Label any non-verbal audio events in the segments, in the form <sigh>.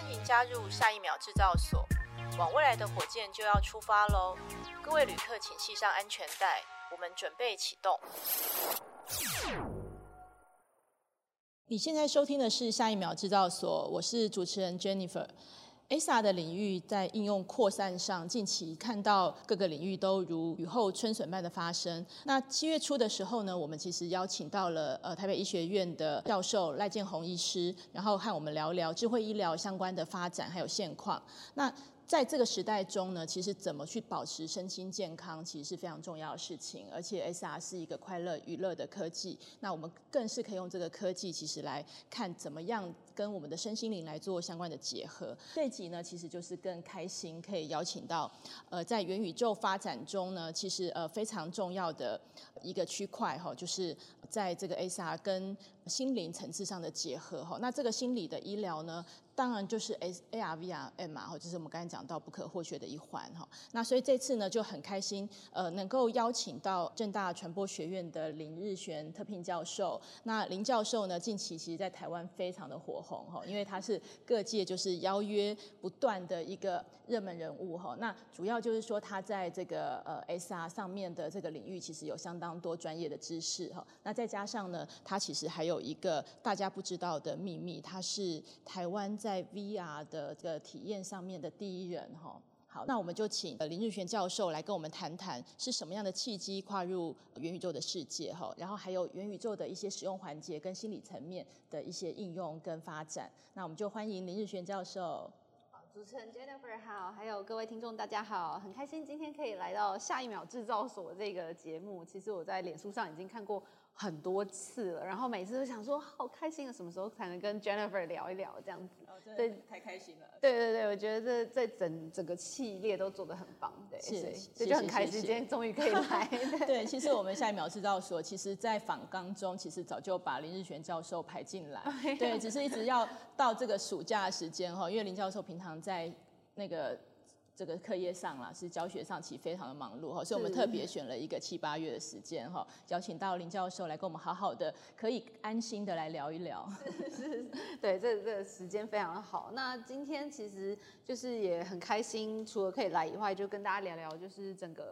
歡迎加入下一秒製造所，往未來的火箭就要出發嘍！各位旅客，請繫上安全帶，我們準備啟動。你現在收聽的是下一秒製造所，我是主持人 Jennifer。XR 的領域在應用擴散上，近期看到各個領域都如雨後春筍般的發生。那七月初的時候呢，我們其實邀請到了呃台北醫學院的教授賴建宏醫師，然後和我們聊聊智慧醫療相關的發展還有現況。那在這個時代中呢，其實怎麼去保持身心健康，其實是非常重要的事情。而且 XR 是一個快樂娛樂的科技，那我們更是可以用這個科技，其實來看怎麼樣。跟我們的身心靈來做相關的結合，這集呢其實就是更開心，可以邀請到，呃，在元宇宙發展中呢，其實呃非常重要的一個區塊哈、哦，就是在這個 AR 跟。心靈層次上的結合哈，那這個心理的醫療呢，當然就是 AR VR MR 啊，就是我們剛才講到不可或缺的一環哈。那所以這次呢就很開心，呃，能夠邀請到政大傳播學院的林日璇特聘教授。那林教授呢，近期其實在台灣非常的火紅哈，因為他是各界就是邀約不斷的一個熱門人物哈。那主要就是說他在這個呃 XR 上面的這個領域，其實有相當多專業的知識哈。那再加上呢，他其實還有有一個大家不知道的秘密，他是台灣在 VR 的這個體驗上面的第一人哈。好，那我們就請林日璇教授來跟我們談談，是什麼樣的契機跨入元宇宙的世界哈，然後還有元宇宙的一些使用環節跟心理層面的一些應用跟發展。那我們就歡迎林日璇教授。好，主持人 Jennifer 好，還有各位聽眾大家好，很開心今天可以來到下一秒製造所這個節目。其實我在臉書上已經看過很多次了，然後每次都想說好開心啊，什麼時候才能跟 Jennifer 聊一聊這樣子？對、哦，真的太開心了。對對對，對，我覺得這，這整整個系列都做得很棒，對。是，這對是就很開心，今天終於可以來。對，其實我們下一秒知道說， <laughs> 其實，在訪綱中其實早就把林日璇教授排進來，oh, no. 對，只是一直要到這個暑假時間哈，因為林教授平常在那個。這個課業上啦，是教學上其實非常的忙碌哈，所以我們特別選了一個七八月的時間哈是、哦，邀請到林教授來跟我們好好的可以安心的來聊一聊。是是是對，這個、這個時間非常好。那今天其實就是也很開心，除了可以來以外，就跟大家聊聊就是整個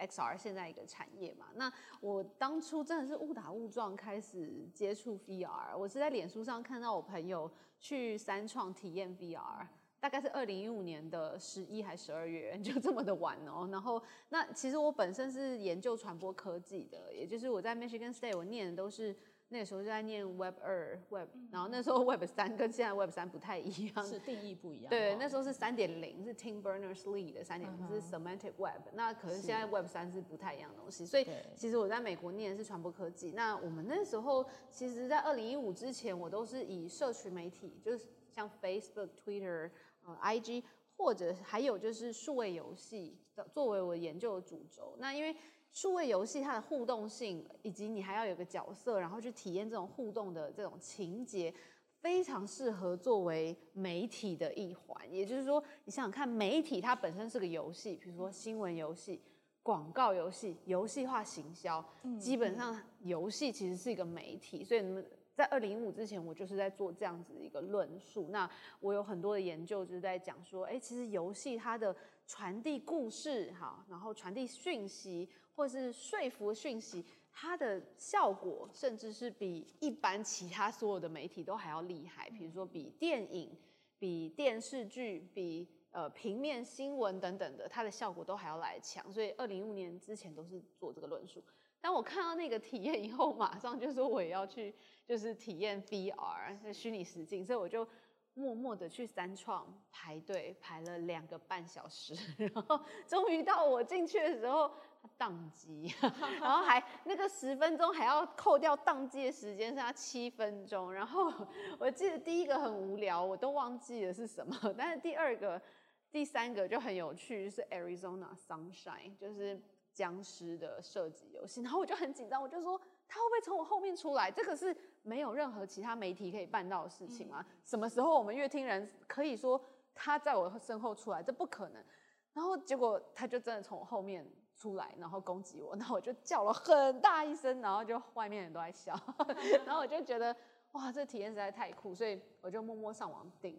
XR 現在一個產業嘛。那我當初真的是誤打誤撞開始接觸 VR，我是在臉書上看到我朋友去三創體驗 VR。大概是二零一五年的十一還十二月，就這麼的晚哦、喔。然後那其實我本身是研究傳播科技的，也就是我在 Michigan State 我念的都是那個時候就在念 Web 2, Web 二 Web，、嗯、哼然後那時候 Web 三跟現在 Web 三不太一樣，是定義不一樣。對，那時候是三點零，是 Tim Berners-Lee 的三點零是 Semantic Web，那可能現在 Web 三是不太一樣的東西。所以其實我在美國念的是傳播科技。那我們那時候其實，在二零一五之前，我都是以社群媒體，就是像 Facebook、Twitter。IG 或者還有就是數位遊戲作為我研究的主軸，那因為數位遊戲它的互動性，以及你還要有個角色，然後去體驗這種互動的這種情節，非常適合作為媒體的一環。也就是說，你想想看媒體，它本身是個遊戲，比如說新聞遊戲、廣告遊戲、遊戲化行銷，基本上遊戲其實是一個媒體，所以你們。在二零一五之前，我就是在做這樣子的一個論述。那我有很多的研究，就是在講說，誒、欸，其實遊戲它的傳遞故事哈，然後傳遞訊息，或是說服訊息，它的效果，甚至是比一般其他所有的媒體都還要厲害。比如說，比電影、比電視劇、比呃平面新聞等等的，它的效果都還要來強。所以，二零一五年之前都是做這個論述。當我看到那個體驗以後，馬上就說我也要去，就是體驗 VR 虛擬實境，所以我就默默的去三創排隊，排了兩個半小時，然後終於到我進去的時候，宕機，然後還那個十分鐘還要扣掉宕機的時間，剩下七分鐘。然後我記得第一個很無聊，我都忘記了是什麼，但是第二個、第三個就很有趣，是 Arizona Sunshine，就是。殭屍的射擊遊戲，然後我就很緊張，我就說他會不會從我後面出來？這個是沒有任何其他媒體可以辦到的事情嗎？嗯、什麼時候我們樂聽人可以說他在我身後出來？這不可能。然後結果他就真的從我後面出來，然後攻擊我，然後我就叫了很大一聲，然後就外面人都在笑， <laughs> 然後我就覺得哇，這體驗實在太酷，所以我就默默上網訂。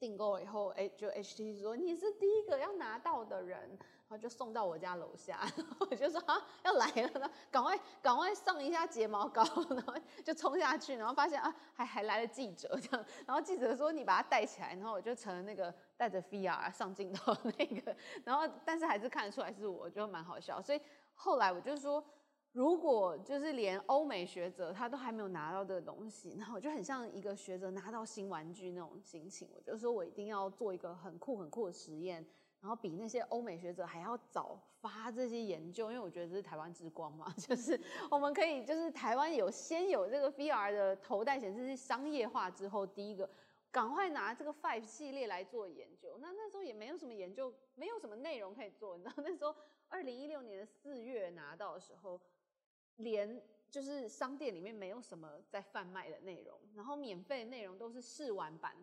訂購了以後，哎，就 H T 說你是第一個要拿到的人，然後就送到我家樓下，然後我就說啊要來了呢，趕快趕快上一下睫毛膏，然後就衝下去，然後發現啊還還來了記者這樣，然後記者說你把它戴起來，然後我就成了那個戴着 V R、啊、上鏡頭的那個，然後但是還是看得出來是我，就蠻好笑，所以後來我就說。如果就是連歐美學者他都還沒有拿到這個東西，那我就很像一個學者拿到新玩具那種心情。我就說我一定要做一個很酷很酷的實驗，然後比那些歐美學者還要早發這些研究，因為我覺得這是台灣之光嘛，就是我們可以就是台灣有先有這個 VR 的頭戴顯示器商業化之後，第一個趕快拿這個 Vive 系列來做研究。那那時候也沒有什麼研究，沒有什麼內容可以做，你知道那時候二零一六年的四月拿到的時候。連就是商店裡面沒有什麼在販賣的內容，然後免費內容都是試玩版，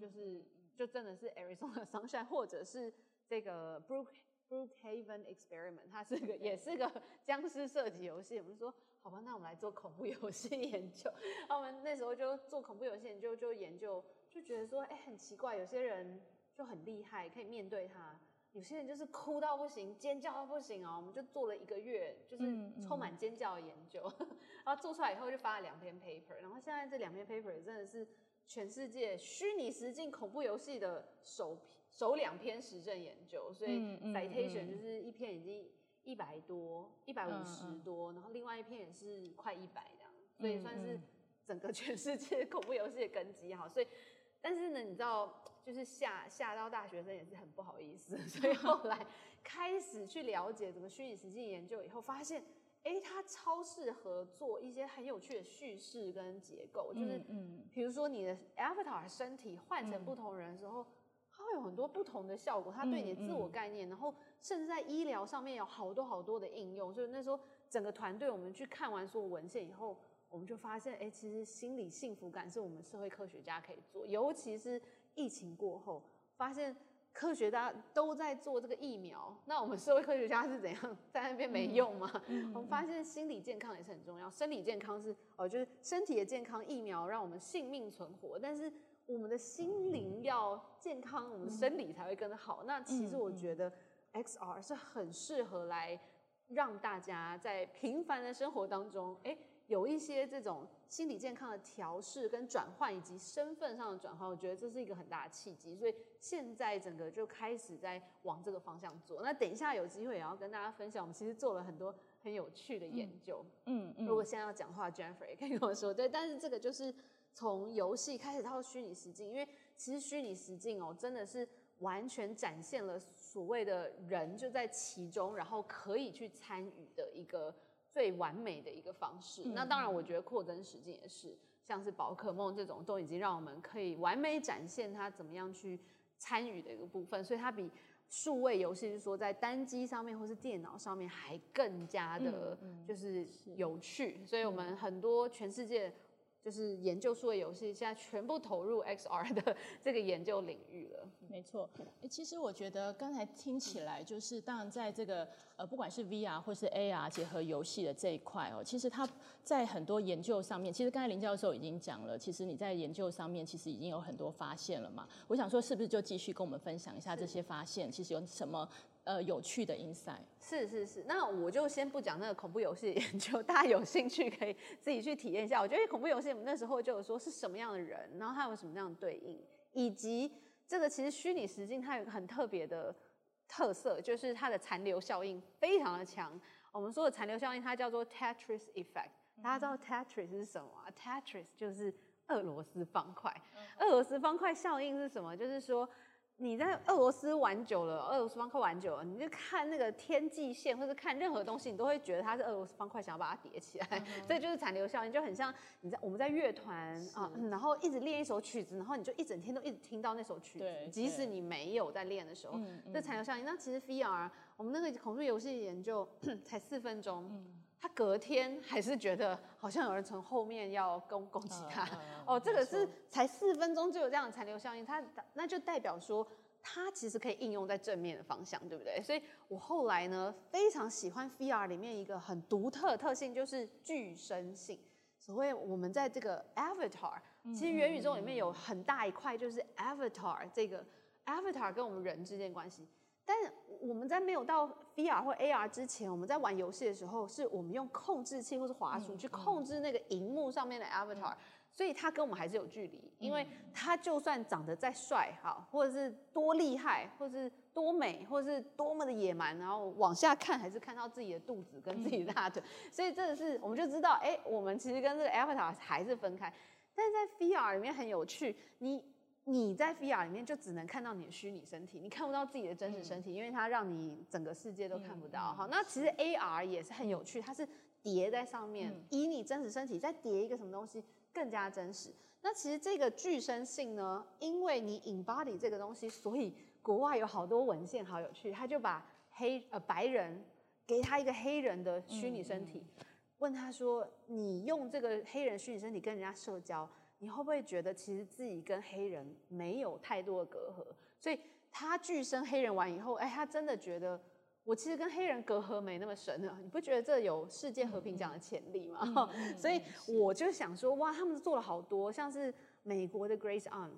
就是就真的是 Arizona Sunshine 或者是這個 Brook, Brookhaven Experiment，它是個也是個殭屍射擊遊戲。我們說，好吧，那我們來做恐怖遊戲研究。那我們那時候就做恐怖遊戲研究，就研究就覺得說，哎、欸，很奇怪，有些人就很厲害，可以面對它。有些人就是哭到不行，尖叫到不行哦！我們就做了一個月，就是充滿尖叫的研究，嗯嗯、然後做出來以後就發了兩篇 paper，然後現在這兩篇 paper 真的是全世界虛擬實境恐怖遊戲的首首兩篇實證研究，所以 citation、嗯嗯嗯、就是一篇已經一百多、一百五十多，嗯嗯、然後另外一篇也是快一百這樣，所以算是整個全世界恐怖遊戲的根基哈。所以，但是呢，你知道。就是嚇嚇到大學生也是很不好意思，所以後來開始去了解怎麼虛擬實境研究以後，發現，哎、欸，它超適合做一些很有趣的敘事跟結構，嗯、就是嗯，比如說你的 Avatar 身體換成不同人的時候，嗯、它會有很多不同的效果，它對你的自我概念，嗯嗯、然後甚至在醫療上面有好多好多的應用。所以那時候整個團隊我們去看完所有文獻以後，我們就發現，哎、欸，其實心理幸福感是我們社會科學家可以做，尤其是。疫情過後，發現科學家都在做這個疫苗，那我們社會科學家是怎樣？在那邊沒用嗎？嗯嗯、我們發現心理健康也是很重要，生理健康是哦、呃，就是身體的健康，疫苗讓我們性命存活，但是我們的心靈要健康，嗯、我們生理才會更好。嗯、那其實我覺得 XR 是很適合來讓大家在平凡的生活當中，欸有一些這種心理健康的調適跟轉換，以及身份上的轉換，我覺得這是一個很大的契機。所以現在整個就開始在往這個方向做。那等一下有機會也要跟大家分享，我們其實做了很多很有趣的研究。嗯嗯。嗯嗯，如果現在要講話，Jennifer 也可以跟我說。對，但是這個就是從遊戲開始到虛擬實境，因為其實虛擬實境哦、喔，真的是完全展現了所謂的人就在其中，然後可以去參與的一個。最完美的一個方式，嗯、那當然，我覺得擴增實境也是，像是寶可夢這種，都已經讓我們可以完美展現它怎麼樣去參與的一個部分，所以它比數位遊戲，就是說在單機上面或是電腦上面，還更加的就是有趣，嗯嗯、所以我們很多全世界。就是研究數位遊戲，現在全部投入 XR 的這個研究領域了。沒錯，欸，其實我覺得剛才聽起來，就是當然在這個呃，不管是 VR 或是 AR 結合遊戲的這一塊哦，其實它在很多研究上面，其實剛才林教授已經講了，其實你在研究上面其實已經有很多發現了嘛。我想說，是不是就繼續跟我們分享一下這些發現？是其實有什麼？呃，有趣的 insight 是是是，那我就先不講那個恐怖遊戲的研究，大家有興趣可以自己去體驗一下。我覺得恐怖遊戲我們那時候就有說是什麼樣的人，然後他有什麼樣的對應，以及這個其實虛擬實境它有一個很特別的特色，就是它的殘留效應非常的強。我們說的殘留效應，它叫做 Tetris Effect。大家知道 Tetris 是什麼？Tetris 就是俄羅斯方塊。俄羅斯方塊效應是什麼？就是說。你在俄羅斯玩久了，俄羅斯方塊玩久了，你就看那個天際線，或者看任何東西，你都會覺得它是俄羅斯方塊，想要把它疊起來，這、嗯、哼就是殘留效應，就很像你在我們在樂團是啊，然後一直練一首曲子，然後你就一整天都一直聽到那首曲子，對即使你沒有在練的時候，對這殘留效應。那其實 VR 我們那個恐怖遊戲研究 <coughs> 才四分鐘。嗯他隔天還是覺得好像有人從後面，要攻攻擊他，uh, uh, uh, 哦，這個是才四分鐘就有這樣的殘留效應，他那就代表說他其實可以應用在正面的方向，對不對？所以我後來呢，非常喜歡 VR 裡面一個很獨特的特性，就是具身性。所謂我們在這個 Avatar，其實元宇宙裡面有很大一塊就是 Avatar，這個 Avatar 跟我們人之間關係。但是我們在沒有到 VR 或 AR 之前，我們在玩遊戲的時候，是我們用控制器或是滑鼠去控制那個熒幕上面的 Avatar，Mm-hmm. 所以它跟我們還是有距離。因為它就算長得再帥哈，或者是多厲害，或者是多美，或者是多麼的野蠻，然後往下看還是看到自己的肚子跟自己的大腿。Mm-hmm. 所以這個是，我們就知道，哎、欸，我們其實跟這個 Avatar 還是分開。但是在 VR 裡面很有趣，你。你在 VR 裡面就只能看到你的虛擬身體，你看不到自己的真實身體，嗯、因為它讓你整個世界都看不到。哈、嗯，那其實 AR 也是很有趣，嗯、它是疊在上面，嗯、以你真實身體再疊一個什麼東西更加真實。那其實這個具身性呢，因為你 Embodied 這個東西，所以國外有好多文獻好有趣，他就把黑呃白人給他一個黑人的虛擬身體，嗯、問他說：“你用這個黑人虛擬身體跟人家社交？”你會不會覺得其實自己跟黑人沒有太多的隔閡？所以他具身黑人完以後，哎、欸，他真的覺得我其實跟黑人隔閡沒那麼深了。你不覺得這有世界和平獎的潛力嗎？嗯、所以我就想說，哇，他們做了好多，像是美國的 Grace Ahn，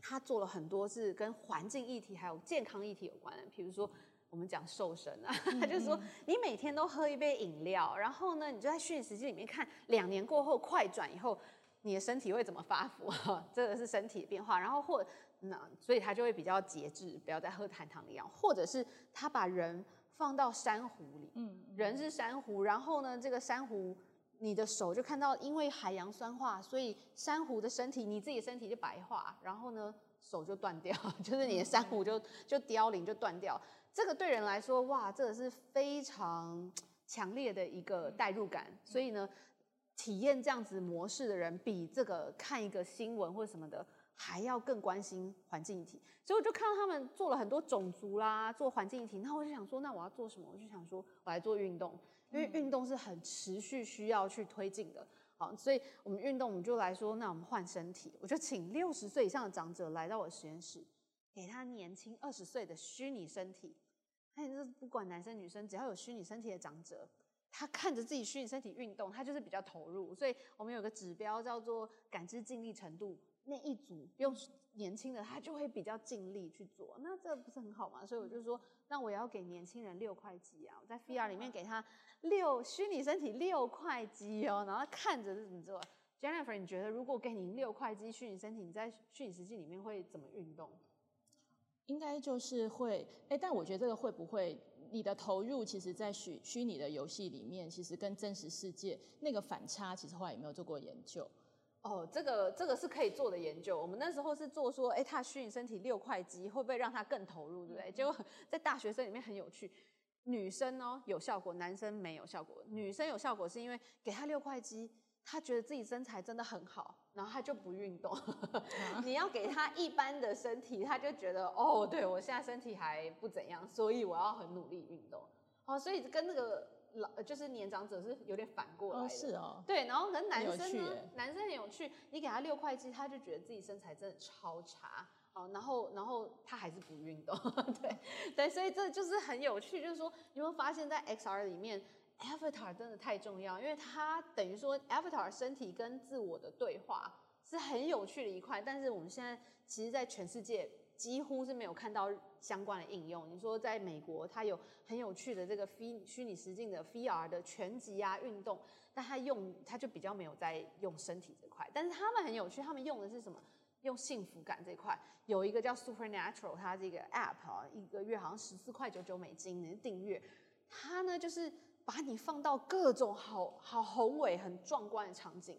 他做了很多是跟環境議題還有健康議題有關的，比如說我們講瘦身啊，他、嗯、就說你每天都喝一杯飲料，然後呢，你就在虛擬世界裡面看，兩年過後快轉以後。你的身體會怎麼發福啊？這個是身體的變化，然後或那、嗯、所以他就會比較節制，不要再喝含糖的飲料。或者是他把人放到珊瑚裡，嗯，人是珊瑚，然後呢，這個珊瑚，你的手就看到，因為海洋酸化，所以珊瑚的身體，你自己身體就白化，然後呢，手就斷掉，就是你的珊瑚就就凋零就斷掉。這個對人來說，哇，這個是非常強烈的一個代入感，嗯嗯、所以呢。體驗這樣子模式的人，比這個看一個新聞或者什麼的，還要更關心環境議題。所以我就看到他們做了很多種族啦，做環境議題，那我就想說，那我要做什麼？我就想說我來做運動，因為運動是很持續需要去推進的。好，所以我們運動，我們就來說，那我們換身體，我就請六十歲以上的長者來到我的實驗室，給他年輕二十歲的虛擬身體。那也是不管男生女生，只要有虛擬身體的長者。他看着自己虛擬身體運動，他就是比較投入，所以我們有個指標叫做感知盡力程度。那一組不用年輕的，他就會比較盡力去做，那這不是很好嗎？所以我就說，那我要給年輕人六塊肌啊，我在 VR 裡面給他六，虛擬身體六塊肌哦，然後看着是怎麼做。Jennifer，你覺得如果給你六塊肌虛擬身體，你在虛擬實境裡面會怎麼運動？應該就是會，哎，但我覺得這個會不會？你的投入，其實在虛虛擬的遊戲裡面，其實跟真實世界那個反差，其實後來有沒有做過研究？哦，這個這個是可以做的研究。我們那時候是做說，哎，他虛擬身體六塊肌，會不會讓他更投入，對不對？結果在大學生裡面很有趣，女生哦有效果，男生沒有效果。女生有效果是因為給他六塊肌，他覺得自己身材真的很好。然後他就不運動，啊、你要給他一般的身體，他就覺得哦，對我現在身體還不怎樣，所以我要很努力運動。哦、所以跟那、這個老就是年長者是有點反過來、哦，是哦，對。然後跟男生呢，男生很有趣，你給他六塊肌，他就覺得自己身材真的超差。哦、然後然後他還是不運動，對，對，所以這就是很有趣，就是說，你有沒有發現，在 XR 裡面？Avatar 真的太重要，因為它等於說 Avatar 身體跟自我的對話是很有趣的一塊。但是我們現在其實，在全世界幾乎是沒有看到相關的應用。你說在美國，它有很有趣的這個 V 虛擬實境的 VR 的拳擊啊運動，但它用它就比較沒有在用身體這塊。但是他們很有趣，他們用的是什麼？用幸福感這塊，有一個叫 Supernatural，它這個 App 啊，一個月好像十四塊九九美金你的訂閱，它呢就是。把你放到各種好好宏偉、很壯觀的場景，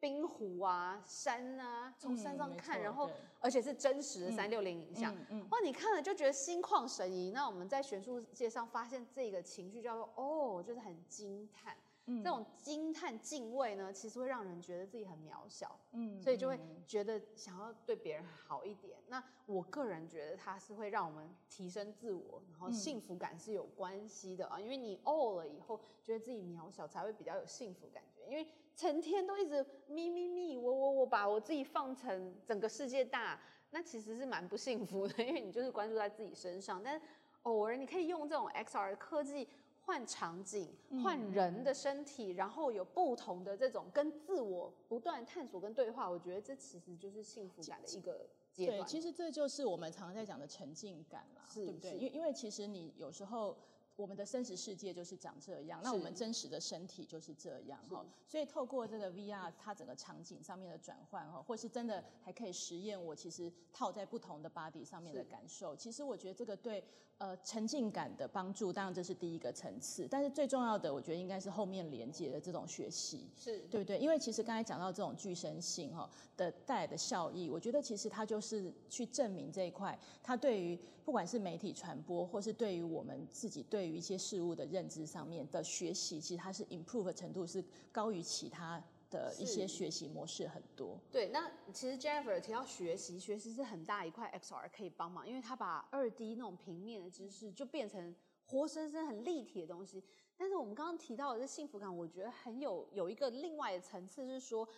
冰湖啊、山啊，從山上看，嗯、然後對而且是真實的三六零影像，哇、嗯，嗯嗯、你看了就覺得心曠神怡。那我們在學術界上發現這個情緒叫做哦，就是很驚嘆。嗯、這種驚嘆敬畏呢，其實會讓人覺得自己很渺小，嗯、所以就會覺得想要對別人好一點。嗯、那我個人覺得它是會讓我們提升自我，然後幸福感是有關係的啊，嗯、因為你哦、oh、了以後覺得自己渺小，才會比較有幸福感覺。因為成天都一直咪咪咪，我我我把我自己放成整個世界大，那其實是蠻不幸福的，因為你就是關注在自己身上。但偶爾你可以用這種 XR 科技。換場景，換人的身體，嗯、然後有不同的這種跟自我不斷探索跟對話，我覺得這其實就是幸福感的一個階段。對，其實這就是我們常常在講的沉浸感嘛，是對不對？因因為其實你有時候。我們的真實世界就是長這樣，是那我們真實的身體就是這樣哈，是所以透過這個 VR，它整個場景上面的轉換哈，或是真的還可以實驗，我其實套在不同的 body 上面的感受，是其實我覺得這個對呃沉浸感的幫助，當然這是第一個層次，但是最重要的我覺得應該是後面連接的這種學習，是對不對？因為其實剛才講到這種具身性哈的帶來的效益，我覺得其實它就是去證明這一塊它對於。不管是媒體傳播，或是對於我們自己對於一些事物的認知上面的學習，其實它是 improve 的程度是高於其他的一些學習模式很多。對，那其實 Jennifer 提到學習，學習是很大一塊 XR 可以幫忙，因為它把二 D 那種平面的知識就變成活生生很立體的東西。但是我們剛剛提到的這幸福感，我覺得很有有一個另外的層次，是說。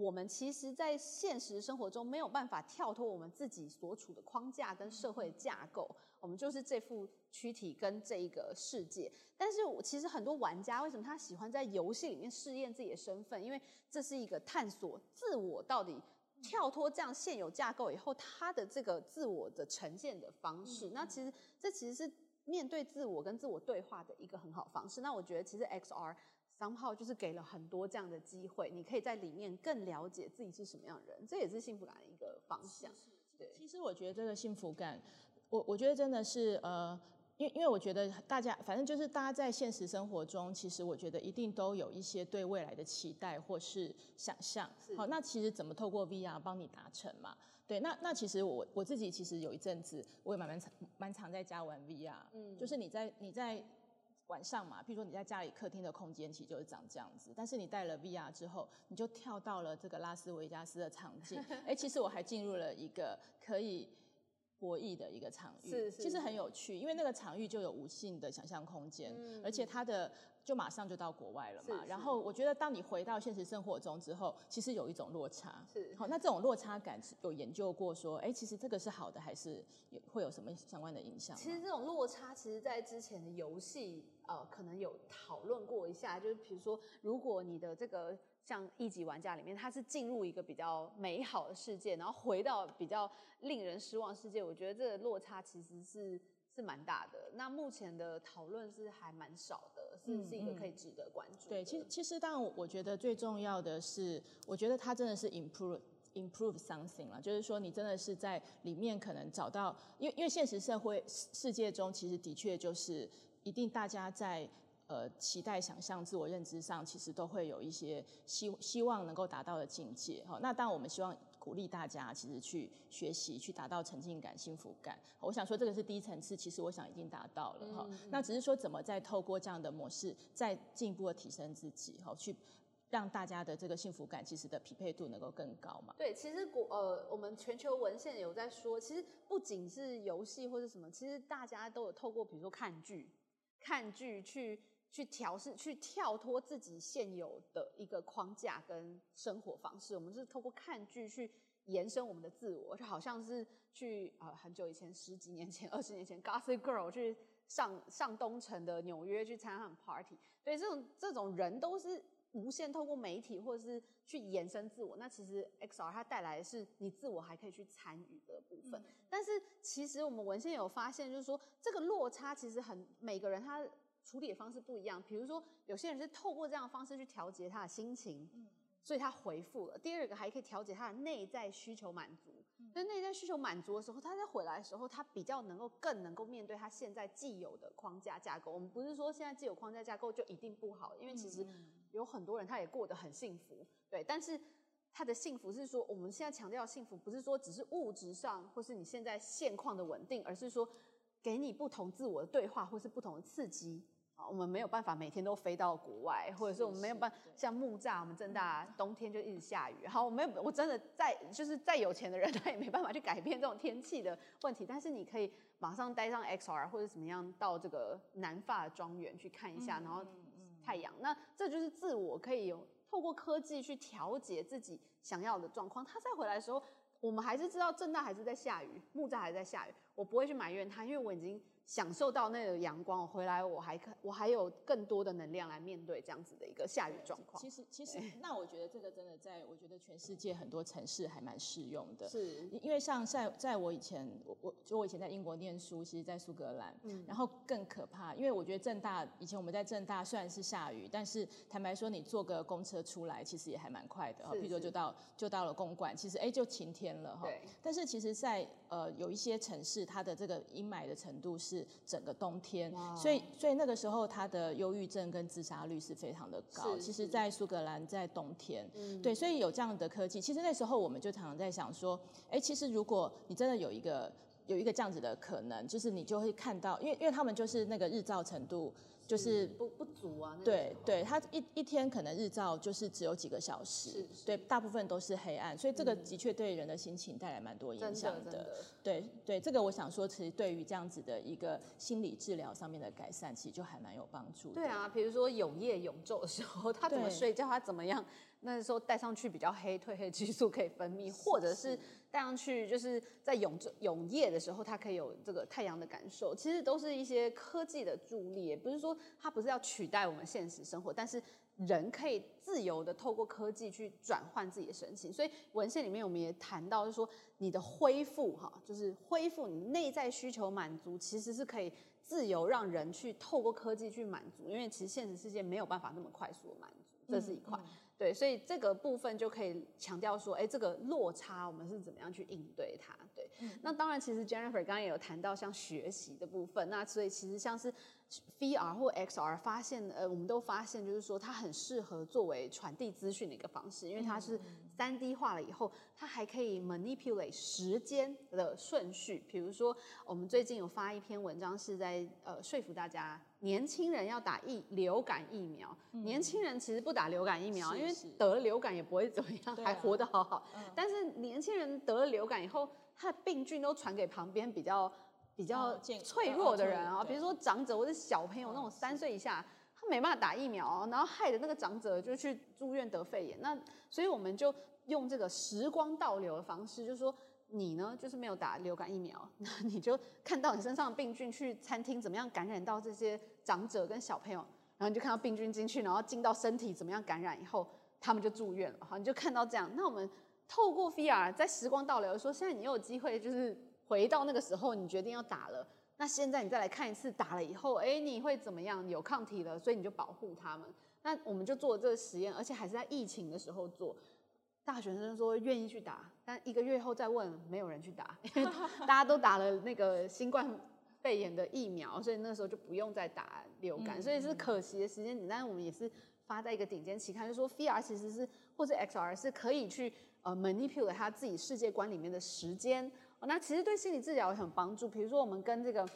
我們其實，在現實生活中沒有辦法跳脫我們自己所處的框架跟社會架構，我們就是這副軀體跟這一個世界。但是，我其實很多玩家為什麼他喜歡在遊戲裡面試驗自己的身份？因為這是一個探索自我到底跳脫這樣現有架構以後，他的這個自我的呈現的方式。那其實，這其實是面對自我跟自我對話的一個很好方式。那我覺得，其實 XR。張浩就是給了很多這樣的機會，你可以在裡面更了解自己是什麼樣的人，這也是幸福感的一個方向。對，其實我覺得這個幸福感，我我覺得真的是呃因，因為我覺得大家反正就是大家在現實生活中，其實我覺得一定都有一些對未來的期待或是想象。是好，那其實怎麼透過 VR 幫你達成嘛？對，那那其實我我自己其實有一陣子，我也蠻蠻蠻常在家玩 VR，嗯，就是你在你在。晚上嘛，譬如說你在家裡客廳的空間，其實就是長這樣子。但是你戴了 VR 之後，你就跳到了這個拉斯維加斯的場景。哎、 <laughs> 欸，其實我還進入了一個可以。博弈的一個場域，其實很有趣，因為那個場域就有無限的想象空間，嗯、而且它的就馬上就到國外了嘛。然後我覺得，當你回到現實生活中之後，其實有一種落差。是，好，那這種落差感有研究過說，哎、欸，其實這個是好的，還是會有什麼相關的影響？其實這種落差，其實在之前的遊戲，呃，可能有討論過一下，就是比如說，如果你的這個。像一級玩家裡面，他是進入一個比較美好的世界，然後回到比較令人失望的世界。我覺得這個落差其實是是蠻大的。那目前的討論是還蠻少的，是是一個可以值得關注的。嗯嗯，對，其實其實當然，但我覺得最重要的是，我覺得它真的是 improve improve something 了，就是說你真的是在裡面可能找到，因為因為現實社會世界中，其實的確就是一定大家在。呃，期待、想象、自我認知上，其實都會有一些希希望能夠達到的境界哈。那當然，我們希望鼓勵大家其實去學習，去達到沉浸感、幸福感。我想說，這個是第一層次，其實我想已經達到了哈。嗯、那只是說，怎麼再透過這樣的模式，再進一步的提升自己，哈，去讓大家的這個幸福感，其實的匹配度能夠更高嘛？對，其實國呃，我們全球文獻有在說，其實不僅是遊戲或者什麼，其實大家都有透過，比如說看劇、看劇去。去調試，去跳脫自己現有的一個框架跟生活方式。我們是透過看劇去延伸我們的自我，就好像是去、呃、很久以前，十幾年前、二十年前《Gossip Girl》去上上東城的紐約去參加 party。所以這種這種人都是無限透過媒體或者是去延伸自我。那其實 XR 它帶來的是你自我還可以去參與的部分。嗯、但是其實我們文獻有發現，就是說這個落差其實很，每個人他。處理的方式不一樣，比如說有些人是透過這樣的方式去調節他的心情，嗯、所以他回復了。第二個還可以調節他的內在需求滿足。嗯、在內在需求滿足的時候，他在回來的時候，他比較能夠更能夠面對他現在既有的框架架構。我們不是說現在既有框架架構就一定不好，因為其實有很多人他也過得很幸福，對。但是他的幸福是說，我們現在強調的幸福，不是說只是物質上或是你現在現況的穩定，而是說給你不同自我的對話或是不同的刺激。我們沒有辦法每天都飛到國外，或者是我們沒有辦法，是是像木柵，對我們正大冬天就一直下雨。好，我沒有，我真的再就是再有錢的人，他也沒辦法去改變這種天氣的問題。但是你可以馬上戴上 XR 或者怎麼樣到這個南法莊園去看一下，嗯、然後、嗯嗯、太陽。那這就是自我可以有透過科技去調節自己想要的狀況。他再回來的時候，我們還是知道正大還是在下雨，木柵還是在下雨。我不會去埋怨他，因為我已經。享受到那個陽光，回來我還看，我還有更多的能量來面對這樣子的一個下雨狀況。其實其實對那我覺得這個真的在我覺得全世界很多城市還蠻適用的。是，因為像在在我以前我我就我以前在英國念書，其實在蘇格蘭，嗯，然後更可怕，因為我覺得政大以前我們在政大雖然是下雨，但是坦白說你坐個公車出來其實也還蠻快的，哈是，譬如說就到就到了公館，其實哎、欸、就晴天了哈。對。但是其實在呃有一些城市，它的這個陰霾的程度是。整個冬天，Wow. 所以所以那個時候他的憂鬱症跟自殺率是非常的高。其實，在蘇格蘭在冬天，嗯、對，所以有這樣的科技。其實那時候我們就常常在想說，哎、欸，其實如果你真的有一個有一個這樣子的可能，就是你就會看到，因為因為他們就是那個日照程度。就是、嗯、不不足啊，對、那個、對，它一一天可能日照就是只有幾個小時，是是對，大部分都是黑暗，所以這個的確對人的心情帶來蠻多影響的。嗯、真的、真的對對，這個我想說，其實對於這樣子的一個心理治療上面的改善，其實就還蠻有幫助的。對啊，比如說永夜永晝的時候，他怎麼睡覺，他怎麼樣，對那時候戴上去比較黑，褪黑激素可以分泌，是是或者是。戴上去就是在永晝永夜的時候，它可以有這個太陽的感受。其實都是一些科技的助力，不是說它不是要取代我們現實生活，但是人可以自由的透過科技去轉換自己的神情。所以文獻裡面我們也談到，就是說你的恢復，哈，就是恢復你內在需求滿足，其實是可以自由讓人去透過科技去滿足，因為其實現實世界沒有辦法那麼快速的滿足，這是一塊。嗯嗯對，所以這個部分就可以強調說，誒，這個落差我們是怎麼樣去應對它？對，嗯，那當然，其實 Jennifer 剛剛也有談到像學習的部分，那所以其實像是。VR 或 XR 發現，呃，我們都發現，就是說它很適合作為傳遞資訊的一個方式，因為它是三 D 化了以後，它還可以 manipulate 時間的順序。比如說，我們最近有發一篇文章，是在呃說服大家年輕人要打疫流感疫苗。嗯、年輕人其實不打流感疫苗，是是因為得了流感也不會怎麼樣，啊、還活得好好。啊、但是年輕人得了流感以後，他的病菌都傳給旁邊比較。比較脆弱的人啊，比如說長者或者小朋友那種三歲以下，他沒辦法打疫苗，然後害得那個長者就去住院得肺炎。那所以我們就用這個時光倒流的方式，就是說你呢就是沒有打流感疫苗，那你就看到你身上的病菌去餐廳怎麼樣感染到這些長者跟小朋友，然後你就看到病菌進去，然後進到身體怎麼樣感染以後，他們就住院了哈，你就看到這樣。那我們透過 VR 在時光倒流，說現在你有機會就是。回到那個時候，你決定要打了。那現在你再來看一次打了以後，哎，你會怎麼樣？有抗體了，所以你就保護他們。那我們就做這個實驗，而且還是在疫情的時候做。大學生說願意去打，但一個月後再問，沒有人去打，因為大家都打了那個新冠肺炎的疫苗，所以那時候就不用再打流感。所以是可惜的時間點。但是我們也是發在一個頂尖期刊，就是說 VR 其實是或者 XR 是可以去呃 manipulate 他自己世界觀裡面的時間。那其實對心理治療也很幫助，比如說我們跟這個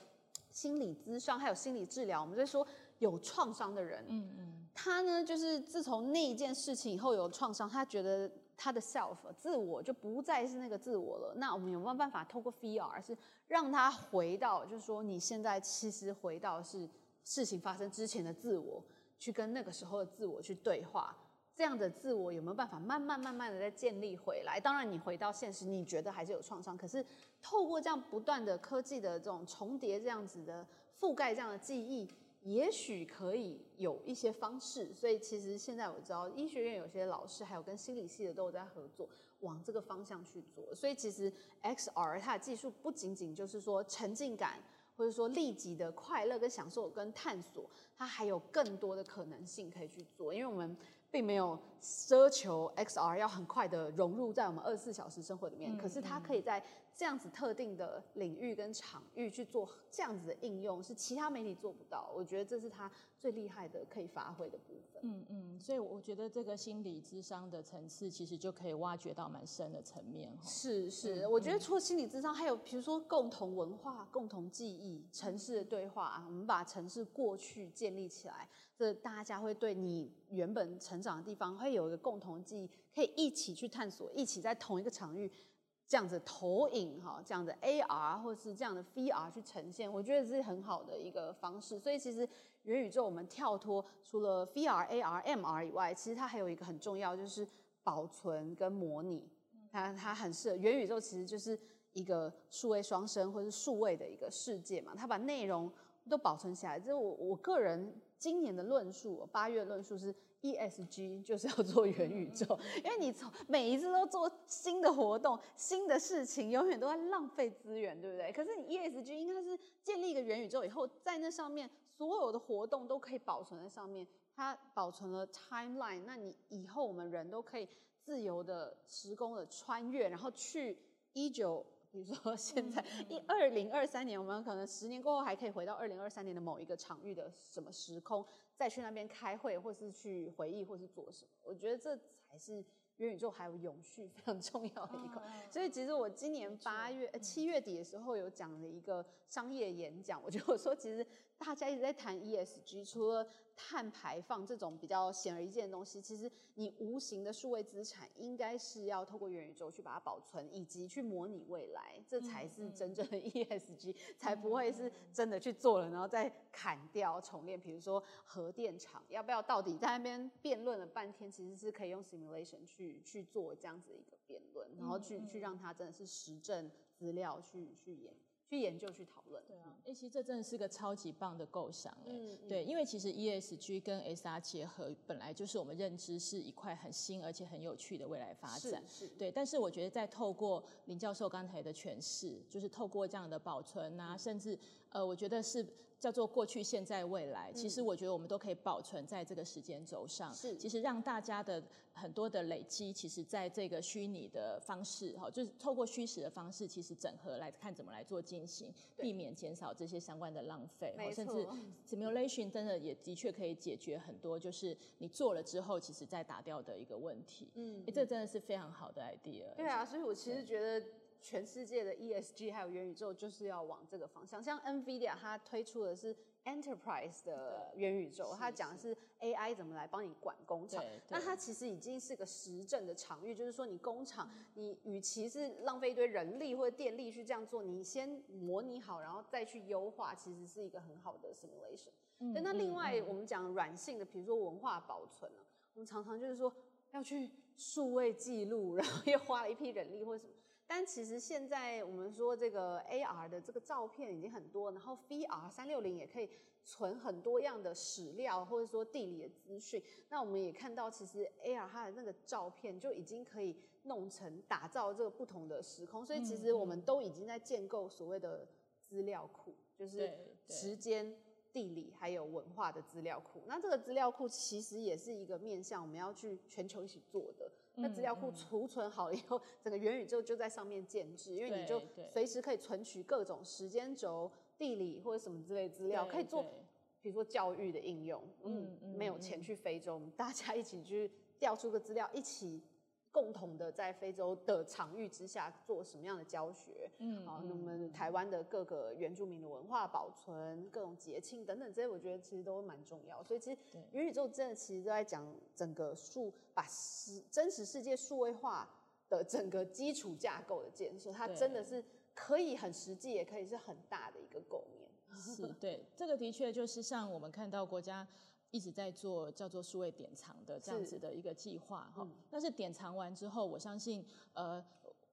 心理諮商還有心理治療，我們在說有創傷的人，嗯嗯，他呢就是自從那一件事情以後有創傷，他覺得他的 self 自我就不再是那個自我了。那我們有沒有辦法透過 VR 是讓他回到，就是說你現在其實回到是事情發生之前的自我，去跟那個時候的自我去對話。這樣的自我有沒有辦法慢慢慢慢的再建立回來？當然，你回到現實，你覺得還是有創傷。可是透過這樣不斷的科技的這種重疊、這樣子的覆蓋、這樣的記憶，也許可以有一些方式。所以，其實現在我知道醫學院有些老師還有跟心理系的都有在合作，往這個方向去做。所以，其實 XR 它的技術不僅僅就是說沉浸感，或者說立即的快樂跟享受跟探索，它還有更多的可能性可以去做。因為我們。並沒有奢求 XR 要很快的融入在我們二十四小時生活裡面，嗯，可是它可以在，這樣子特定的領域跟場域去做這樣子的應用，是其他媒體做不到。我覺得這是它最厲害的可以發揮的部分。嗯嗯，所以我覺得這個心理諮商的層次，其實就可以挖掘到蠻深的層面。是是，是嗯、我覺得除了心理諮商，還有比如說共同文化、共同記憶、城市的對話啊，我們把城市過去建立起來，這大家會對你原本成長的地方會有一個共同記憶，可以一起去探索，一起在同一個場域。這樣的投影哈，這樣的 AR 或是這樣的 VR 去呈現，我覺得這是很好的一個方式。所以其實元宇宙我們跳脫除了 VR、AR、MR 以外，其實它還有一個很重要就是保存跟模擬。它它很適合元宇宙其實就是一個數位雙生或是數位的一個世界嘛，它把內容都保存起來。這我我個人今年的論述，我八月論述是。ESG 就是要做元宇宙，嗯，因為你從每一次都做新的活動、新的事情，永遠都在浪費資源，對不對？可是你 ESG 應該是建立一個元宇宙以後，在那上面所有的活動都可以保存在上面，它保存了 timeline，那你以後我們人都可以自由的時空的穿越，然後去一九，比如說現在一二零二三年，我們可能十年過後還可以回到二零二三年的某一個場域的什麼時空。再去那邊開會，或是去回憶，或是做什麼？我覺得這才是元宇宙還有永續非常重要的一塊。所以，其實我今年八月、七月底的時候有講了一個商業演講，我覺得我就說其實。大家一直在談 ESG，除了碳排放這種比較顯而易見的東西，其實你無形的數位資產應該是要透過元宇宙去把它保存，以及去模擬未來，這才是真正的 ESG，、嗯嗯、才不會是真的去做了，然後再砍掉、重練。比如說核電廠，要不要？到底在那邊辯論了半天，其實是可以用 simulation 去去做這樣子一個辯論，然後去嗯嗯去讓它真的是實證資料去去演。閉眼就去討論，對啊，誒、嗯，欸、其實這真的是個超級棒的構想誒、欸，嗯、對，因為其實 ESG 跟 SR 結合本來就是我們認知是一塊很新而且很有趣的未來發展，是是，對，但是我覺得在透過林教授剛才的詮釋，就是透過這樣的保存啊，嗯、甚至。呃，我覺得是叫做過去、現在、未來。嗯、其實我覺得我們都可以保存在這個時間軸上。是。其實讓大家的很多的累積，其實在這個虛擬的方式，哈，就是透過虛實的方式，其實整合來看怎麼來做進行，對避免減少這些相關的浪費。錯甚至 Simulation 真的也的確可以解決很多，就是你做了之後，其實再打掉的一個問題。嗯，嗯。欸、這個真的是非常好的 idea。對啊，所以我其實覺得。全世界的 ESG 還有元宇宙就是要往這個方向，像 NVIDIA 它推出的是 Enterprise 的元宇宙，它講是 AI 怎麼來幫你管工廠。那它其實已經是個實證的場域，就是說你工廠，你與其是浪費一堆人力或者電力去這樣做，你先模擬好，然後再去優化，其實是一個很好的 simulation。那那另外我們講軟性的，比如說文化保存、啊，我們常常就是說要去數位記錄，然後又花了一批人力或者什麼。但其實現在我們說這個 AR 的這個照片已經很多，然後 VR 360也可以存很多樣的史料，或者說地理的資訊。那我們也看到，其實 AR 它的那個照片就已經可以弄成打造這個不同的時空。所以其實我們都已經在建構所謂的資料庫，就是時間、地理還有文化的資料庫。那這個資料庫其實也是一個面向我們要去全球一起做的。那資料庫儲存好了以後，嗯嗯、整個元宇宙就在上面建置，對因為你就隨時可以存取各種時間軸、地理或者什麼之類的資料，對可以做，比對如說教育的應用。嗯，嗯沒有錢去非洲，嗯、大家一起去調出個資料一起，共同的在非洲的場域之下做什麼樣的教學？嗯，好，我們台灣的各個原住民的文化保存、嗯、各種節慶等等這些，我覺得其實都蠻重要。所以其實元宇宙真的其實都在講整個數對把實真實世界數位化的整個基礎架構的建設，對它真的是可以很實際，也可以是很大的一個構面。是對，這個的確就是像我們看到國家。一直在做叫做數位典藏的這樣子的一個計劃哈，是嗯、但是典藏完之後，我相信呃，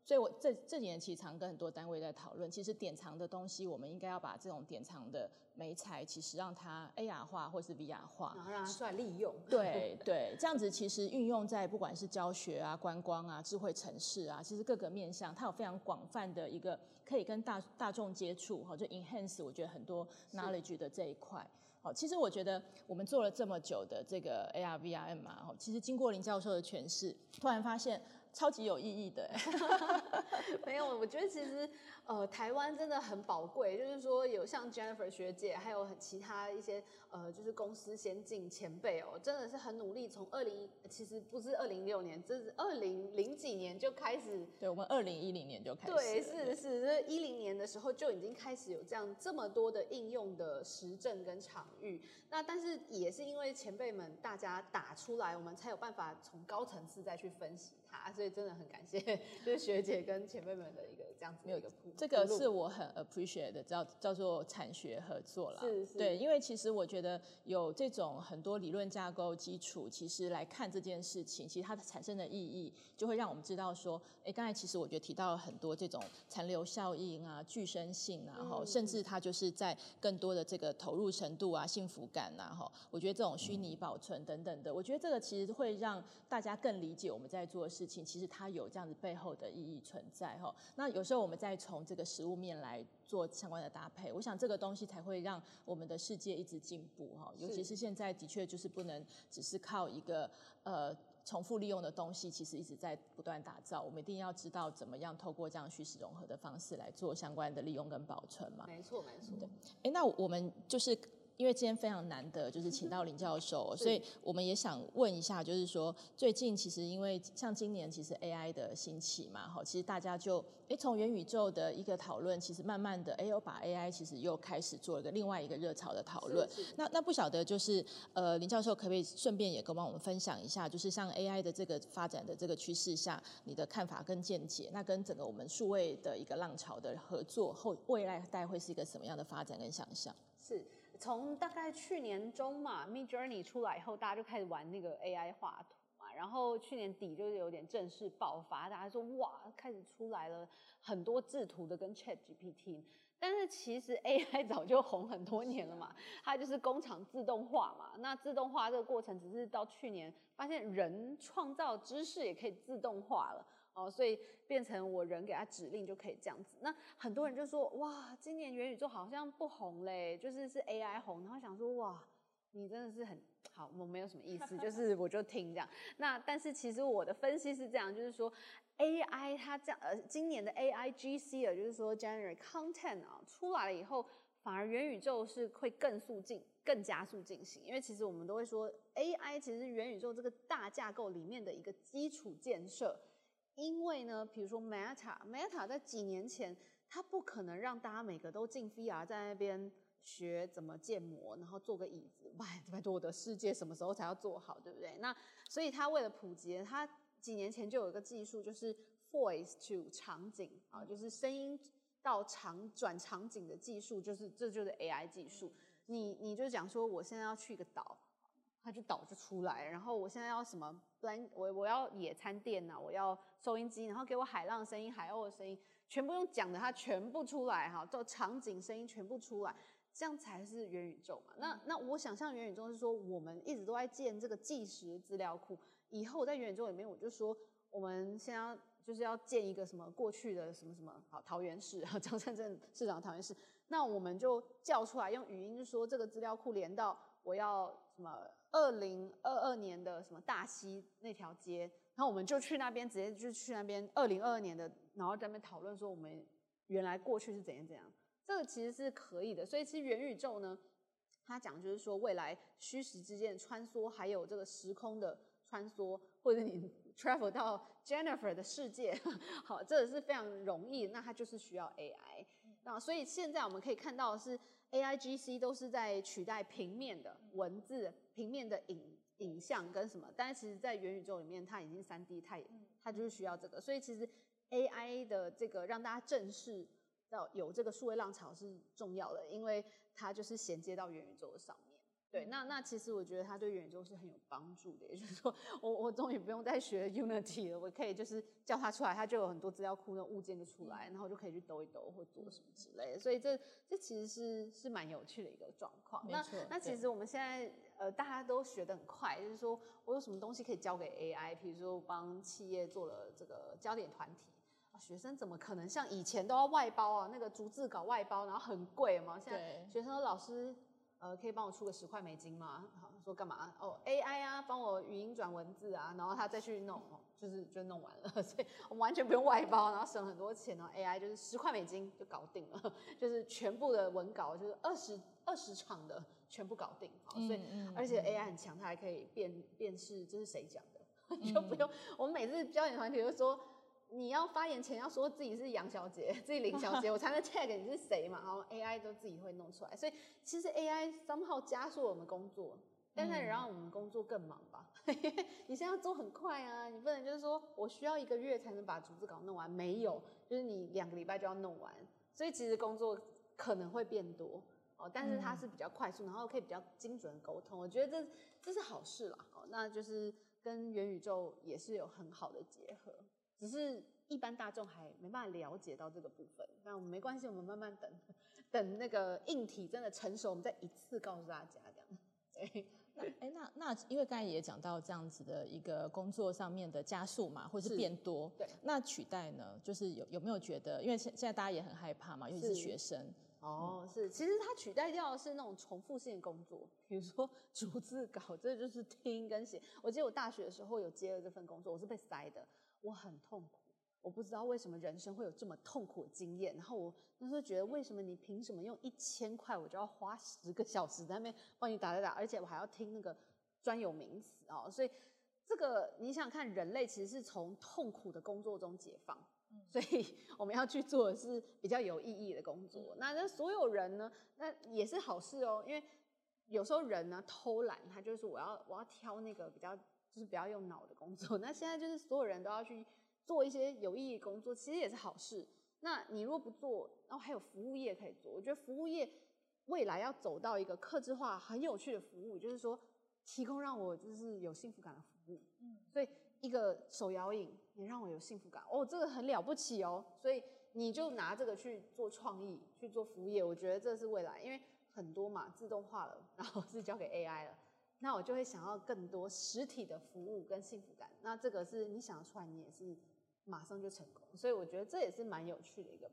所以我這這幾年其實常跟很多單位在討論，其實典藏的東西，我們應該要把這種典藏的媒材，其實讓它 A R 化，或是 V R 化，然後讓它出來利用。對對，對嗯、這樣子其實運用在不管是教學啊、觀光啊、智慧城市啊，其實各個面向，它有非常廣泛的一個可以跟大大眾接觸哈，就 enhance 我覺得很多 knowledge 的這一塊。好，其實我覺得我們做了這麼久的這個 AR VR MR 啊，哦，其實經過林教授的詮釋，突然發現。超級有意義的，欸， <laughs> 沒有，我覺得其實呃，台灣真的很寶貴，就是說有像 Jennifer 學姐，還有其他一些呃，就是公司先進前輩哦，真的是很努力。從二零其實不是二零一六年，這是二零零幾年就開始。對，我們二零一零年就開始。對，是是是，一零對年的時候就已經開始有這樣這麼多的應用的實證跟場域。那但是也是因為前輩們大家打出來，我們才有辦法從高層次再去分析。啊，所以真的很感謝，就是學姐跟前輩們的一個。這樣子沒有一個這個是我很 appreciate 的，叫叫做產學合作啦。對，因為其實我覺得有這種很多理論架構基礎，其實來看這件事情，其實它的產生的意義，就會讓我們知道說，哎、欸，剛才其實我覺得提到了很多這種殘留效應啊、具身性啊，然後甚至它就是在更多的這個投入程度啊、幸福感啊，哈，我覺得這種虛擬保存等等的，嗯、我覺得這個其實會讓大家更理解我們在做的事情，其實它有這樣子背後的意義存在哈。那有。所以，我們再從這個食物面來做相關的搭配，我想這個東西才會讓我們的世界一直進步哈。尤其是現在，的確就是不能只是靠一個呃重複利用的東西，其實一直在不斷打造。我們一定要知道怎麼樣透過這樣虛實融合的方式來做相關的利用跟保存嘛。沒錯，沒錯。對，哎、欸，那我們就是。因為今天非常難得，就是請到林教授、哦，嗯、哼所以我們也想問一下，就是說是最近其實因為像今年其實 AI 的興起嘛，哈，其實大家就哎從元宇宙的一個討論，其實慢慢的哎又把 AI 其實又開始做了一個另外一個熱潮的討論。是是是是，那那不曉得就是呃林教授可不可以順便也跟幫我們分享一下，就是像 AI 的這個發展的這個趨勢下，你的看法跟見解，那跟整個我們數位的一個浪潮的合作後，未來大概會是一個什麼樣的發展跟想象？是。從大概去年中嘛，Midjourney 出來以後，大家就開始玩那個 AI 畫圖嘛，然後去年底就是有點正式爆發，大家說哇，開始出來了很多制圖的跟 ChatGPT，但是其實 AI 早就紅很多年了嘛，啊、它就是工廠自動化嘛，那自動化這個過程只是到去年發現人創造知識也可以自動化了。哦，所以變成我人給他指令就可以這樣子。那很多人就說哇，今年元宇宙好像不紅嘞，就是是 AI 紅。然後想說哇，你真的是很好，我沒有什麼意思，就是我就聽這樣。那但是其實我的分析是這樣，就是說 AI 它這樣呃今年的 AIGC 啊，就是說 generate content 啊，哦、出來了以後，反而元宇宙是會更速進、更加速進行。因為其實我們都會說 AI 其實是元宇宙這個大架構裡面的一個基礎建設。因為呢，比如說 Meta，Meta 在幾年前，它不可能讓大家每個都進 VR 在那邊學怎麼建模，然後做個椅子。哇，拜托，我的世界什麼時候才要做好，對不對？那所以它為了普及，它幾年前就有一個技術，就是 voice to 場景啊，就是聲音到場轉場景的技術，就是這就是 AI 技術。你，你就講說，我現在要去一個島。它就導致出來，然後我現在要什麼？不然我我要野餐店吶，我要收音機，然後給我海浪聲音、海鷗的聲音，全部用講的，它全部出來哈，做場景聲音全部出來，這樣才是元宇宙嘛。那那我想象元宇宙是說，我們一直都在建這個計時資料庫，以後在元宇宙裡面，我就說，我們現在就是要建一個什麼過去的什麼什麼好桃園市啊，張善政市長的桃園市，那我們就叫出來，用語音就說這個資料庫連到我要什麼。二零二二年的什麼大溪那條街，然後我們就去那邊，直接就去那邊。二零二二年的，然後在那邊討論說我們原來過去是怎樣怎樣，這個其實是可以的。所以其實元宇宙呢，他講就是說未來虛實之間的穿梭，還有這個時空的穿梭，或者你 travel 到 Jennifer 的世界，好，這個是非常容易。那它就是需要 AI，那所以現在我們可以看到是。AIGC 都是在取代平面的文字、嗯、平面的影影像跟什麼，但是其實在元宇宙裡面，它已經 3D，它也它就是需要這個，所以其實 AI 的這個讓大家正視到有這個數位浪潮是重要的，因為它就是銜接到元宇宙的上面。對，那那其實我覺得他對研究是很有幫助的，也就是說我我終於不用再學 Unity 了，我可以就是叫它出來，它就有很多資料庫的、那個、物件就出來，然後就可以去抖一抖或做什麼之類的，所以這這其實是是蠻有趣的一個狀況。沒錯，那那其實我們現在呃大家都學得很快，就是說我有什麼東西可以交給 AI，比如說我幫企業做了這個焦點團體、啊、學生怎麼可能像以前都要外包啊？那個逐字稿外包然後很貴嘛，現在學生和老師。呃，可以幫我出個十塊美金嗎？好，說幹嘛？哦，AI 啊，幫我語音轉文字啊，然後他再去弄，就是就弄完了，所以我們完全不用外包，然後省很多錢哦。AI 就是十塊美金就搞定了，就是全部的文稿就是二十二十場的全部搞定。好，所以、嗯嗯、而且 AI 很強，它還可以辨辨識，這是誰講的，就不用、嗯、我們每次表演團體都說。你要發言前要說自己是楊小姐，自己林小姐，我才能 check 你是誰嘛。然後 AI 都自己會弄出來，所以其實 AI somehow 加速了我們工作，但它也讓我們工作更忙吧。 <laughs> 你現在要做很快啊，你不能就是說我需要一個月才能把逐字稿弄完，沒有，就是你兩個禮拜就要弄完。所以其實工作可能會變多哦，但是它是比較快速，然後可以比較精準的溝通。我覺得這這是好事啦。哦，那就是跟元宇宙也是有很好的結合。只是一般大眾還沒辦法了解到這個部分，那我們沒關係，我們慢慢等，等那個硬體真的成熟，我們再一次告訴大家這樣。對，那哎、欸，那那因為剛才也講到這樣子的一個工作上面的加速嘛，或是變多，對，那取代呢，就是有有沒有覺得，因為現現在大家也很害怕嘛，尤其是學生是哦，嗯、是，其實它取代掉的是那種重複性的工作，比如說逐字稿，這就是聽跟寫。我記得我大學的時候有接了這份工作，我是被塞的。我很痛苦，我不知道為什麼人生會有這麼痛苦的經驗。然後我那時候覺得，為什麼你憑什麼用一千塊，我就要花十個小時在那邊幫你打打打，而且我還要聽那個專有名詞哦。所以這個你想想看，人類其實是從痛苦的工作中解放，所以我們要去做的是比較有意義的工作。那那所有人呢，那也是好事哦，因為有時候人呢偷懶，他就是我要我要挑那個比較。就是不要用腦的工作，那現在就是所有人都要去做一些有意義工作，其實也是好事。那你若不做，然後還有服務業可以做。我覺得服務業未來要走到一個客製化很有趣的服務，就是說提供讓我就是有幸福感的服務。嗯，所以一個手搖飲也讓我有幸福感，哦，這個很了不起哦。所以你就拿這個去做創意，去做服務業，我覺得這是未來，因為很多嘛自動化了，然後是交給 AI 了。那我就會想要更多實體的服務跟幸福感，那這個是你想出來，你也是馬上就成功，所以我覺得這也是蠻有趣的一個。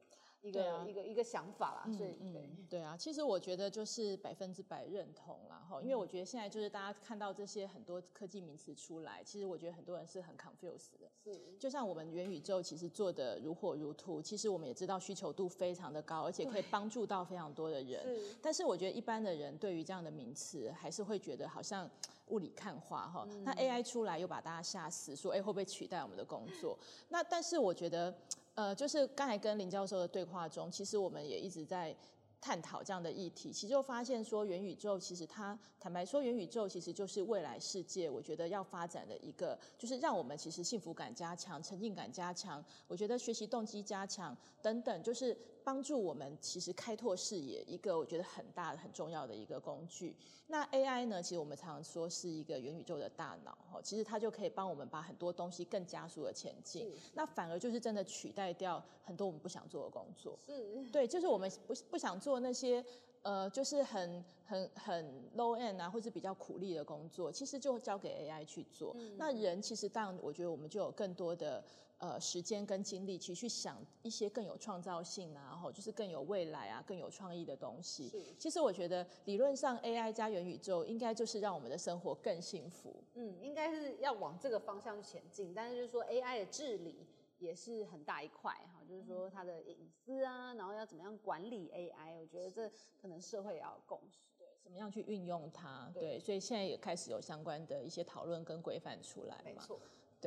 一個、啊、一個一個想法啦、啊，所以、嗯嗯、對，對啊，其實我覺得就是百分之百認同啦。因為我覺得現在就是大家看到這些很多科技名詞出來，其實我覺得很多人是很 confused 的，是就像我們元宇宙其實做得如火如荼，其實我們也知道需求度非常的高，而且可以幫助到非常多的人，是但是我覺得一般的人對於這樣的名詞還是會覺得好像霧裡看花哈，嗯、那 AI 出來又把大家嚇死，說哎、欸、會不會取代我們的工作？ <laughs> 那但是我覺得。呃，就是剛才跟林教授的對話中，其實我們也一直在探討這樣的議題。其實就發現說，元宇宙其實它，坦白說，元宇宙其實就是未來世界，我覺得要發展的一個，就是讓我們其實幸福感加強、沉浸感加強、我覺得學習動機加強等等，就是。幫助我們其實開拓視野，一個我覺得很大的很重要的一個工具。那 AI 呢？其實我們常常說是一個元宇宙的大腦，其實它就可以幫我們把很多東西更加速的前進。是是。那反而就是真的取代掉很多我們不想做的工作。是，對，就是我們不不想做那些呃，就是很很很 low end 啊，或是比較苦力的工作，其實就交給 AI 去做。嗯。那人其實，當然，我覺得我們就有更多的。呃，時間跟精力，其實去想一些更有創造性啊，然後就是更有未來啊，更有創意的東西。是。是是其實我覺得，理論上 AI 加元宇宙，應該就是讓我們的生活更幸福。嗯，應該是要往這個方向前進。但是就是說，AI 的治理也是很大一塊哈，就是說它的隱私啊，然後要怎麼樣管理 AI，我覺得這可能社會也要有共識。對。怎麼樣去運用它？對，對，所以現在也開始有相關的一些討論跟規範出來。沒錯。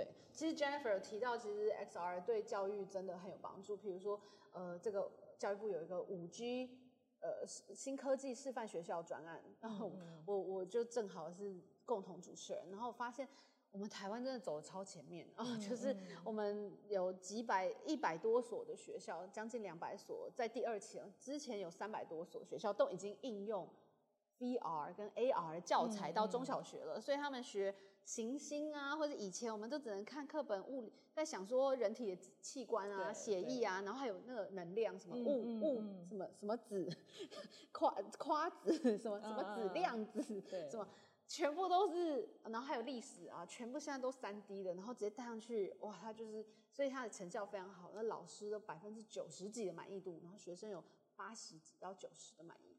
對，其實 Jennifer 提到，其實 XR 對教育真的很有幫助。譬如說，呃，這個教育部有一個 5G，呃，新科技示範學校專案，然後，哦，嗯，我我就正好是共同主持人，然後發現我們台灣真的走的超前面啊，哦，就是我們有幾百一百多所的學校，將近兩百所，在第二期之前有三百多所學校都已經應用。VR 跟 AR 的教材到中小學了，嗯、所以他們學行星啊，或者以前我們都只能看課本物理，在想說人體的器官啊、對血液啊，對然後還有那個能量什麼、嗯、物物、嗯嗯、什麼什麼子誇誇子什麼什麼子量子，什麼、對全部都是，然後還有歷史啊，全部現在都三 D 的，然後直接帶上去，哇，它就是所以它的成效非常好，那老師有百分之九十幾的滿意度，然後學生有八十幾到九十的滿意度。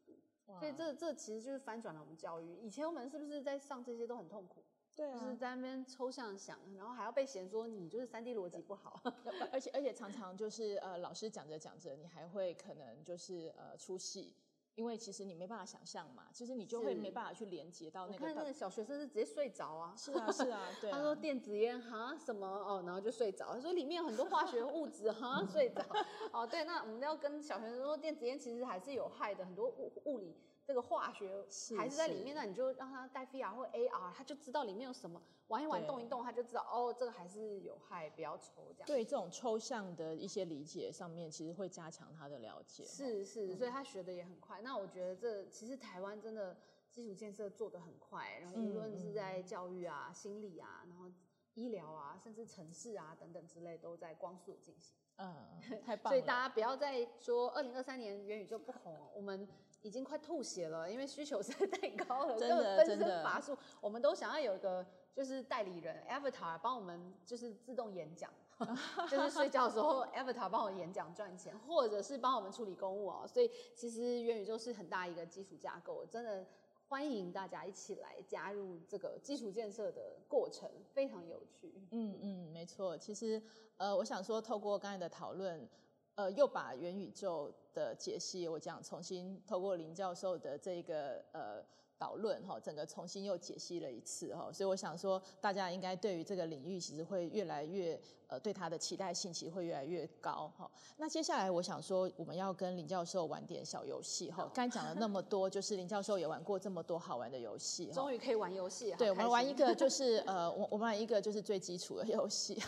所以這這其實就是翻轉了我們教育。以前我們是不是在上這些都很痛苦？對啊，就是在那邊抽象想，然後還要被嫌說你就是三 D 邏輯不好， <laughs> 而且而且常常就是呃老師講着講着，你還會可能就是呃出戲。因為其實你沒辦法想象嘛，其實你就會沒辦法去連接到那個。我看那個小學生是直接睡着啊。 <laughs> 是啊是啊，對啊。他說電子煙哈什麼哦，然後就睡着。他說裡面有很多化學物質， <laughs> 哈睡着。哦對，那我們要跟小學生說電子煙其實還是有害的，很多物物理。這個化學還是在裡面，那是你就讓他戴 VR 或 AR，他就知道裡面有什麼，對玩一玩，動一動，他就知道哦，這個還是有害，比較抽象，這樣。對這種抽象的一些理解上面，其實會加強他的了解。是是，嗯、所以他學的也很快。那我覺得這其實台灣真的基礎建設做的很快，然後無論是在教育啊、嗯、心理啊、然後醫療啊，甚至城市啊等等之類，都在光速進行。嗯，太棒了。 <laughs> 所以大家不要再說二零二三年元宇宙不紅我們。已經快吐血了，因為需求實在太高了，真的分身乏術。的我們都想要有一個就是代理人 Avatar 幫我們，就是自動演講， <laughs> 就是睡覺的時候 Avatar 幫我演講賺錢，或者是幫我們處理公務哦。所以其實元宇宙是很大一個基礎架構，真的歡迎大家一起來加入這個基礎建設的過程，非常有趣。嗯嗯，沒錯。其實呃，我想說，透過剛才的討論，呃，又把元宇宙。的解析，我想重新透過林教授的這個呃導論哈，整個重新又解析了一次哈，所以我想說，大家應該對於這個領域其實會越來越呃對他的期待性其實會越來越高哈。那接下來我想說，我們要跟林教授玩點小遊戲哈，好剛才講了那麼多， <laughs> 就是林教授也玩過這麼多好玩的遊戲終於可以玩遊戲，對，我們玩一個就是呃我我們玩一個就是最基礎的遊戲，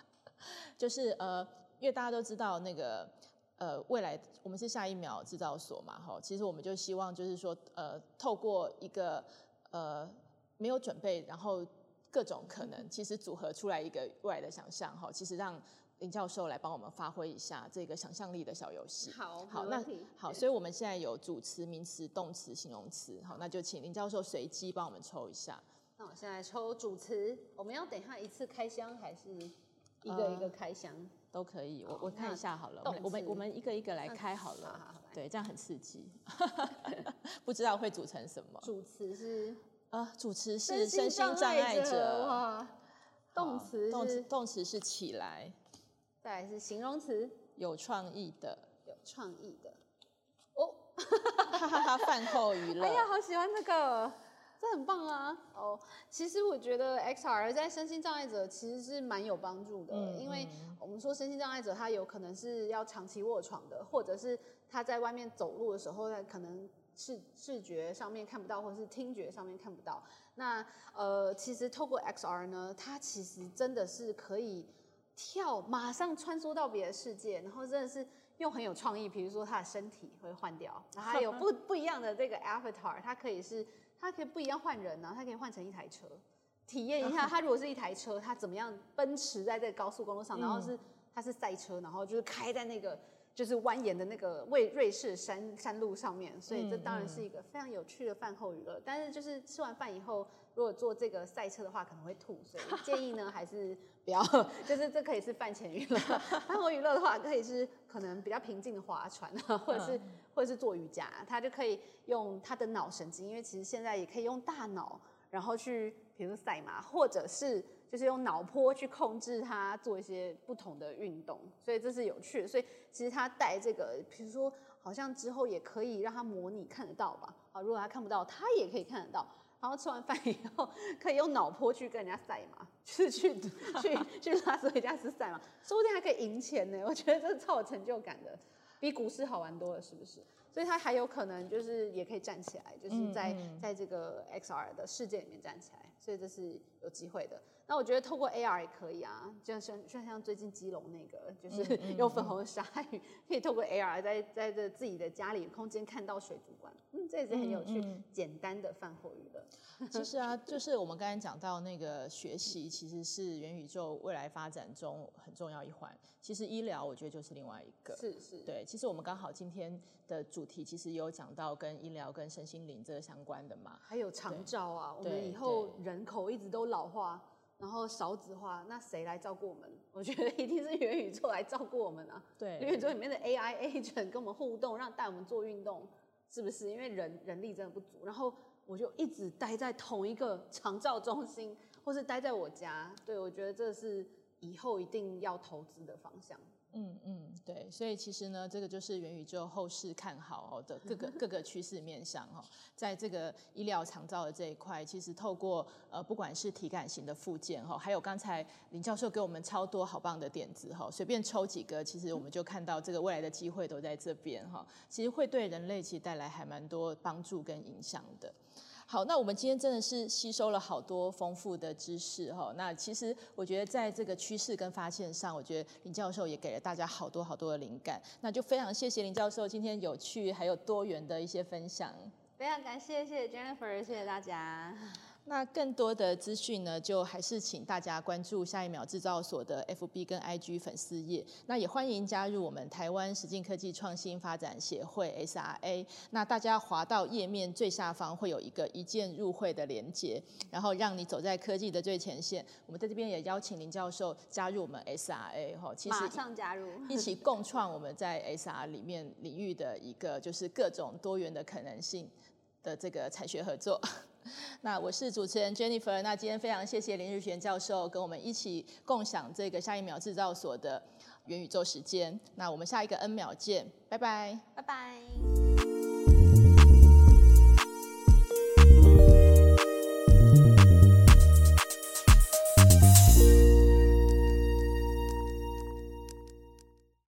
<laughs> 就是呃因為大家都知道那個。呃，未來我們是下一秒制造所嘛，哈，其實我們就希望就是說，呃，透過一個呃沒有準備，然後各種可能，其實組合出來一個未來的想象，哈，其實讓林教授來幫我們發揮一下這個想象力的小遊戲。好，好，那好對，所以我們現在有主詞、名詞、動詞、形容詞，好，那就請林教授隨機幫我們抽一下。那我現在抽主詞，我們要等一下一次開箱還是一個一個開箱？呃都可以，我我看一下好了，我們我們我們一個一個來開好了，對，這樣很刺激，不知道會組成什麼。主詞是，呃，主詞是身心障礙者，動詞動詞動詞是起來，再來是形容詞，有創意的，有創意的，哦，哈哈哈，飯後娛樂，哎呀，好喜歡這個。這很棒啊！哦，其實我覺得 XR 在身心障礙者其實是蠻有幫助的，嗯、因為我們說身心障礙者他有可能是要長期臥床的，或者是他在外面走路的時候，他可能視視覺上面看不到，或者是聽覺上面看不到。那呃，其實透過 XR 呢，它其實真的是可以跳，馬上穿梭到別的世界，然後真的是又很有創意。比如說他的身體會換掉，然後還有不不一樣的這個 Avatar，它可以是。它可以不一樣換人啊，然後它可以換成一台車，體驗一下。它如果是一台車，它怎麼樣奔馳在這個高速公路上，然後是它是賽車，然後就是開在那個就是蜿蜒的那個為瑞士山山路上面。所以這當然是一個非常有趣的飯後娛樂。但是就是吃完飯以後，如果坐這個賽車的話，可能會吐，所以建議呢還是不要。就是這可以是飯前娛樂，飯後娛樂的話可以是，可能比較平靜的划船啊，或者是、或者是做瑜伽，他就可以用他的腦神經，因為其實現在也可以用大腦，然後去，比如賽馬，或者是就是用腦波去控制他做一些不同的運動，所以這是有趣的。所以其實他戴這個，比如說好像之後也可以讓他模擬看得到吧？啊，如果他看不到，他也可以看得到。然後吃完飯以後，可以用腦波去跟人家賽嘛，就是去 <laughs> 去去拉斯維加斯賽嘛，說不定還可以贏錢呢、欸。我覺得這超有成就感的，比股市好玩多了，是不是？所以他還有可能就是也可以站起來，就是在在這個 XR 的世界裡面站起來，所以這是有機會的。那我覺得透過 AR 也可以啊，就像像像最近基隆那個，就是有粉紅的鯊魚，可以透過 AR 在在這自己的家裡空間看到水族館。這也是很有趣、嗯、簡單的飯後娛樂。其實啊，就是我們剛才講到那個學習，其實是元宇宙未來發展中很重要一環。其實醫療，我覺得就是另外一個。是是。是對，其實我們剛好今天的主題，其實也有講到跟醫療、跟身心靈這個相關的嘛。還有長照啊，對我們以後人口一直都老化，然後少子化，那誰來照顧我們？我覺得一定是元宇宙來照顧我們啊。對，元宇宙裡面的 AI agent 跟我們互動，讓帶我們做運動。是不是因為人人力真的不足？然後我就一直待在同一個長照中心，或是待在我家。對，我覺得這是以後一定要投資的方向。嗯嗯，對，所以其實呢，這個就是元宇宙後市看好的各個各個趨勢面上哈，在這個醫療長照的這一塊，其實透過呃不管是體感型的復健哈，還有剛才林教授給我們超多好棒的點子哈，隨便抽幾個，其實我們就看到這個未來的機會都在這邊哈，其實會對人類其實帶來還蠻多幫助跟影響的。好，那我們今天真的是吸收了好多豐富的知識哈。那其實我覺得在這個趨勢跟發現上，我覺得林教授也給了大家好多好多的靈感。那就非常謝謝林教授今天有趣還有多元的一些分享。非常感謝，謝謝 Jennifer，謝謝大家。那更多的資訊呢，就還是請大家關注下一秒製造所的 FB 跟 IG 粉絲頁。那也歡迎加入我們台灣實境科技創新發展協會 XRA。那大家滑到頁面最下方會有一個一鍵入會的連結，然後讓你走在科技的最前線。我們在這邊也邀請林教授加入我們 XRA 哈，其實馬上加入，一起共創我們在 XRA 裡面領域的一個就是各種多元的可能性的這個產學合作。那我是主持人 Jennifer，那今天非常謝謝林日璇教授跟我們一起共享這個下一秒製造所的元宇宙時間。那我們下一個 N 秒見，拜拜，拜拜。